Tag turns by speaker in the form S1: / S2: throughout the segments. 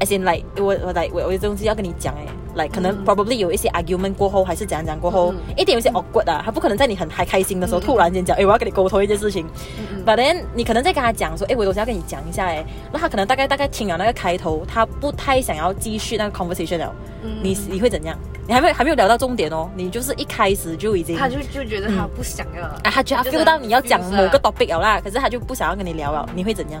S1: 誒，先 like 我我 like 我我有啲東西要跟你講誒來，可能 probably 有一些 argument 過後，還是講講過後，一定有些 awkward 啊，他不可能在你很開開心的時候突然間講，誒我要跟你溝通一件事情，but then 你可能在跟他講說，誒我都要跟你講一下誒，那他可能大概大概聽了那個開頭，他不太想要繼續那個 conversation 了，你你會怎樣？你還沒還沒有聊到重點哦，你就是一開始就已經，他就就
S2: 覺得他不想要了，啊他覺得 feel 到你要講某個
S1: topic 啦，可是他就不想要跟你聊了，你會怎樣？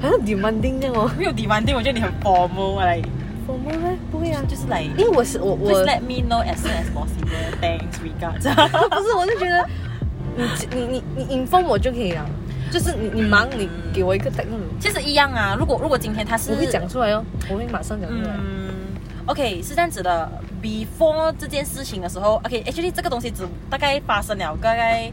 S2: 好 demanding 㗎喎，沒有 demanding，我覺得你很 formal，like
S1: formal 咧，不會啊，就是 like，因為
S2: 我是我我。Please let
S1: me know as soon as possible. Thanks, we got.
S2: 不是，我就覺得你你你你你 inform 我就可以啦，就是你你
S1: 忙你給我一個等，其實一樣啊。如果如果今天他是，我會講出來哦，我會馬上講出
S3: 來。
S1: OK，是這樣子的。Before 這件事情的時候，OK，actually 這個東西只大概發生了大概。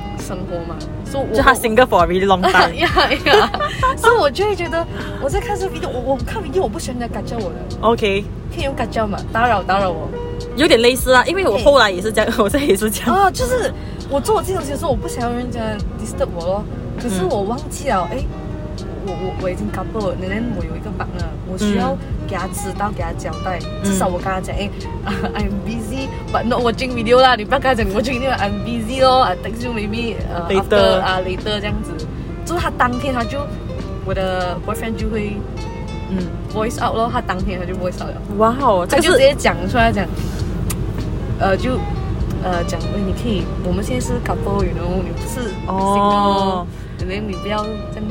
S1: 生活嘛，所以佢 single for a really long time。
S2: 所以我就會覺得，我在看這視頻，我我看視頻，我不想人家教我
S1: 啦。OK，可以用
S2: 教嘛？打擾，打擾我。
S1: 有點類似啊，因為我後來也是這樣，Okay. 我這也是這樣啊，uh, 就是
S2: 我做這些東西的時候，我不想要人家 disturb 我咯。可是我忘記了，嗯、誒。我我我已經 couple 了，你呢我有一個 partner，、嗯、我需要給他知道給他交代，嗯、至少我跟他講誒仔、哎、I'm busy but not watching video 啦，你不要跟他講成我最近呢，I'm busy 咯，等、uh, 就 maybe 呃、uh, later 啊、uh, later 這樣子，就、so、他當天他就我的 boyfriend 就會嗯 voice out 咯，他當天他就 voice out 了。哇哦，他就直接講出來講，呃就呃講你
S1: 可以，我們現在是 couple you know，你不是
S2: 哦，你你不要。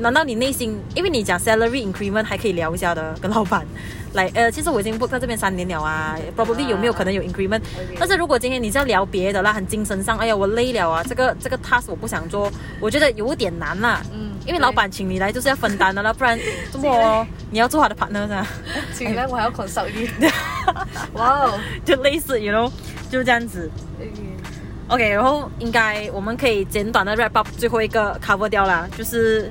S1: 難道你內心，因為你講 salary increment 還可以聊一下的，跟老闆，來，呃，其實我已經不在這邊三年了啊，probably 有冇可能有 increment？、啊 okay. 但是如果今天你是要聊別的啦，很精神上，哎呀，我累了啊，這個這個 task 我不想做，我覺得有點難啦。嗯。因為老闆請你來就是要分擔的啦，嗯、不然，什麼？來你要做的 partner 吧請我，我還要 consult 你 Wow.。哇哦，就類似 you know，就這樣子。嗯。OK，然後應該我們可以簡短的 wrap up，最後一個 cover 掉啦，就是。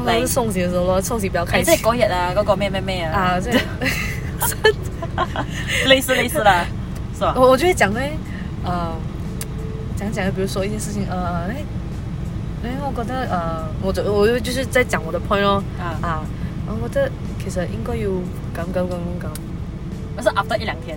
S1: 當時 Like, 送
S2: 錢時候，我湊錢比較開心。即係嗰日啦，嗰個咩咩咩啊！啊，類似類似啦，是吧？我我就係講呢，呃，講講，比如說一件事情，呃，誒，誒，誒我覺得，呃，我就我就就是在講我的朋友啊啊，我覺得其實應該要咁咁咁咁咁，
S1: 唔係，阿到一兩天。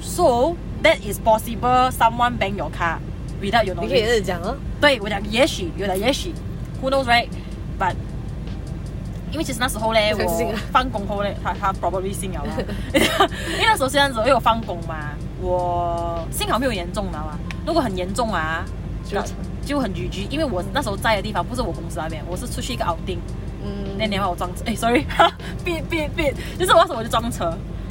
S1: So that is possible someone bang your car without your notice 你樣講、啊、講，對我講也許，你又也許，也許、mm hmm.，who knows right？But 因為其實那時候咧，我，我放工後咧，他他 probably 幸好， 因為那時候雖然子，有放工嘛，我幸好沒有嚴重，知道嘛？如果很嚴重啊，就就很緊急，因為我那時候在的地方不是我公司那邊，我是出去一個 outing，嗯，那年我撞車，誒、哎、sorry，別別別，就 是我那時候我就撞車。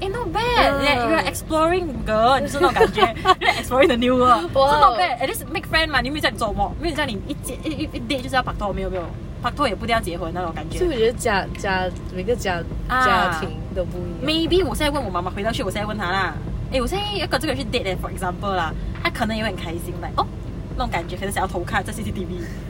S1: 誒，not bad，你你係 exploring girl，就是嗰種感覺 you，exploring the new world Wow.、so、，not bad，at least make friend 嘛，你唔會在做喎，唔會在你一一一,一 date 就是要拍拖，沒有沒有，拍拖也不一定要結婚嗰種感覺。所以我覺得家家每個家、啊、家庭都不一樣。Maybe 我而家問我媽媽，回到去我而家問佢啦。誒，我而家如果最近去 date 咧，for example 啦，佢可能也很開心，like 哦，嗰種感覺，可能想要偷看在 CCTV。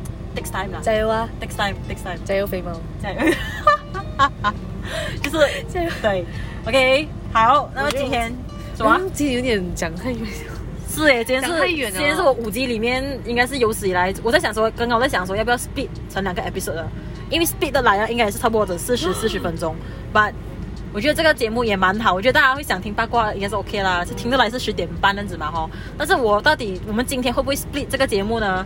S1: takes time 啦，啊，就啊，takes time，takes time，就 time。肥貓，就， 就是就，加油對，OK，好，那麼今天，哇，今天有點講太遠了，是耶，今天是，太了今天是我五集裏面應該是有史以來，我在想說，剛剛我在想說，要不要 split 成兩個 episode，因為 split 的來啊，應該也是差不多的四十四十分鐘 ，but 我覺得這個節目也蠻好，我覺得大家會想聽八卦，應該是 OK 啦，就、嗯、聽得來是十點半那陣子嘛，吼，但是我到底，我們今天會不會 split 這個節目呢？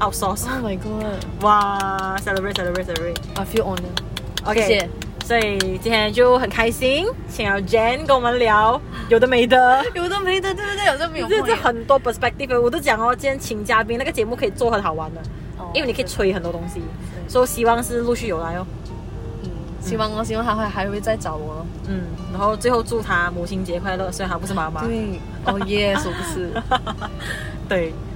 S1: outsource。Oh my god！哇，celebrate，celebrate，celebrate！I feel honored。Okay，所以今天就很開心，請到 Jenn 跟我們聊有的沒的，有的沒的，對不對？有的沒有。這是很多 perspective，我都講哦，今天請嘉賓，那個節目可以做很好玩的，因為你可以吹很多東西，所以希望是陸續有來哦。嗯，希望我希
S2: 望他會還會再找我。
S1: 嗯，然後最後祝他母親節快樂，雖然他不是媽媽。對，哦耶，說不是。對。